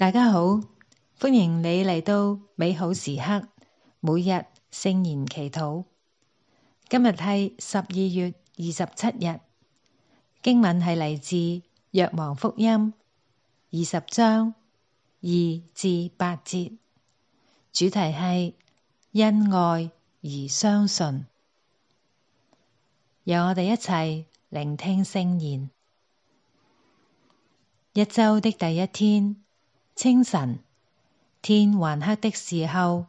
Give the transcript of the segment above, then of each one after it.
大家好，歡迎你嚟到美好時刻，每日聖言祈禱。今日係十二月二十七日，經文係嚟自《若望福音》二十章二至八節，主題係因愛而相信。讓我哋一齊聆聽聖言。一周的第一天。清晨，天還黑的時候，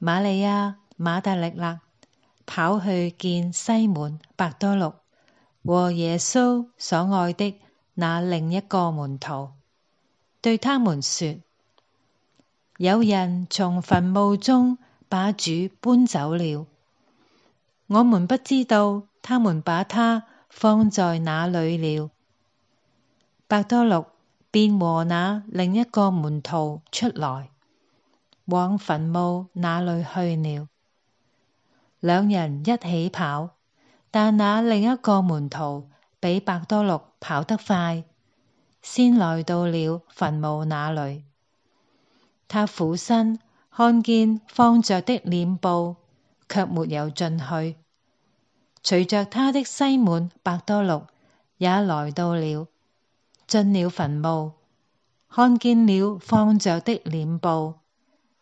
瑪利亞瑪達肋納跑去見西滿伯多祿和耶穌所愛的那另一個門徒，對他們說：有人從墳墓中把主搬走了，我們不知道他們把祂放在哪裏了。伯多祿。便和那另一個門徒出來，往墳墓那裏去了。兩人一起跑，但那另一個門徒比伯多祿跑得快，先來到了墳墓那裏。他俯身看見放着的殮布，卻沒有進去。隨着他的西滿，伯多祿也來到了。進了墳墓，看見了放着的殮布，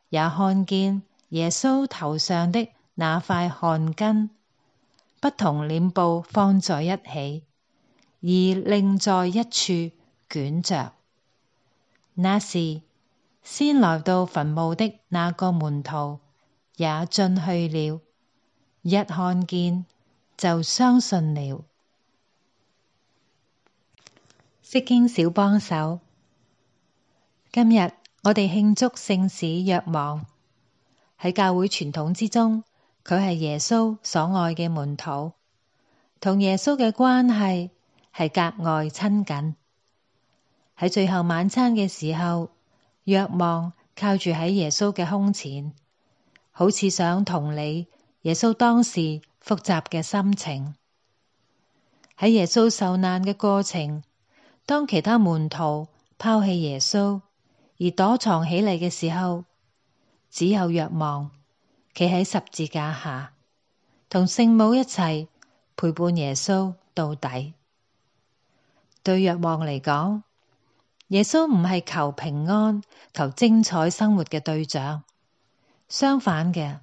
也看見耶穌頭上的那塊汗巾，不同殮布放在一起，而另在一處卷着。那時，先來到墳墓的那個門徒也進去了，一看見就相信了。釋經小幫手，今日我哋慶祝聖史若望，喺教會傳統之中，佢係耶穌所愛嘅門徒，同耶穌嘅關係係格外親近。喺最後晚餐嘅時候，若望靠住喺耶穌嘅胸前，好似想同理耶穌當時複雜嘅心情。喺耶穌受難嘅過程。當其他門徒拋棄耶穌而躲藏起嚟嘅時候，只有若望企喺十字架下，同聖母一齊陪伴耶穌到底。對若望嚟講，耶穌唔係求平安、求精彩生活嘅對象，相反嘅，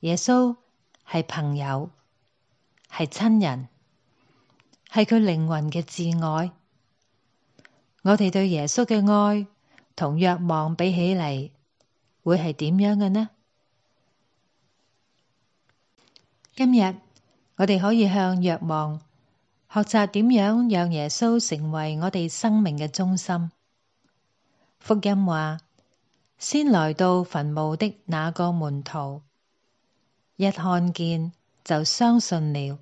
耶穌係朋友，係親人，係佢靈魂嘅摯愛。我哋對耶穌嘅愛同若望比起嚟，會係點樣嘅呢？今日我哋可以向若望學習點樣讓耶穌成為我哋生命嘅中心。福音話：先來到墳墓的那個門徒，一看見就相信了。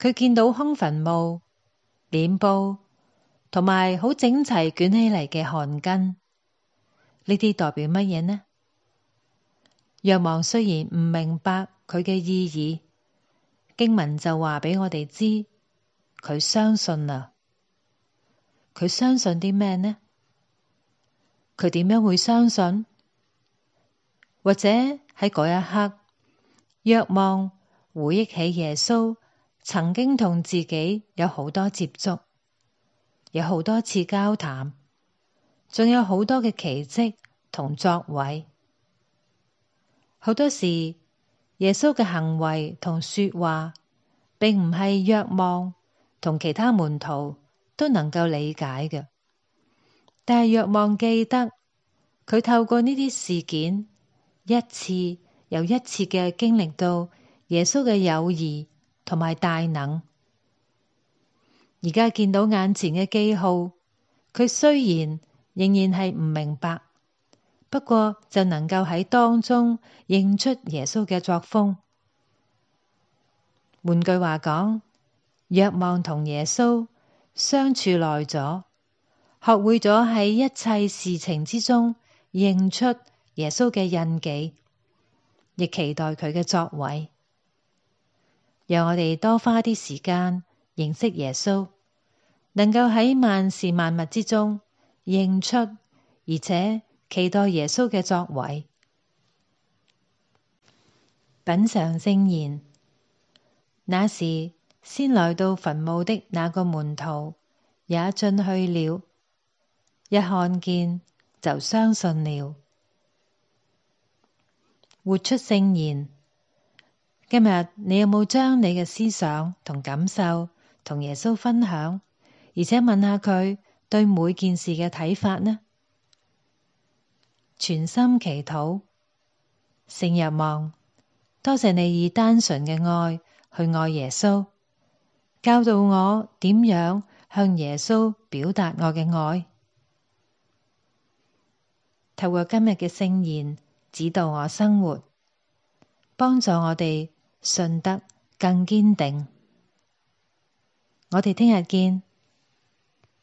佢見到空墳墓，殮布。同埋好整齊捲起嚟嘅汗巾，呢啲代表乜嘢呢？若望雖然唔明白佢嘅意義，經文就話畀我哋知，佢相信啦。佢相信啲咩呢？佢點樣會相信？或者喺嗰一刻，若望回憶起耶穌曾經同自己有好多接觸。有好多次交談，仲有好多嘅奇跡同作為，好多時耶穌嘅行為同說話，並唔係若望同其他門徒都能夠理解嘅。但係若望記得，佢透過呢啲事件，一次又一次嘅經歷到耶穌嘅友誼同埋大能。而家見到眼前嘅記號，佢雖然仍然係唔明白，不過就能夠喺當中認出耶穌嘅作風。換句話講，若望同耶穌相處耐咗，學會咗喺一切事情之中認出耶穌嘅印記，亦期待佢嘅作為。讓我哋多花啲時間認識耶穌。能夠喺萬事萬物之中認出，而且期待耶穌嘅作為品嚐聖言。那時先來到墳墓的那個門徒也進去了，一看見就相信了，活出聖言。今日你有冇將你嘅思想同感受同耶穌分享？而且問下佢對每件事嘅睇法呢？全心祈禱，聖若望，多謝你以單純嘅愛去愛耶穌，教導我點樣向耶穌表達我嘅愛。透過今日嘅聖言指導我生活，幫助我哋信得更堅定。我哋聽日見。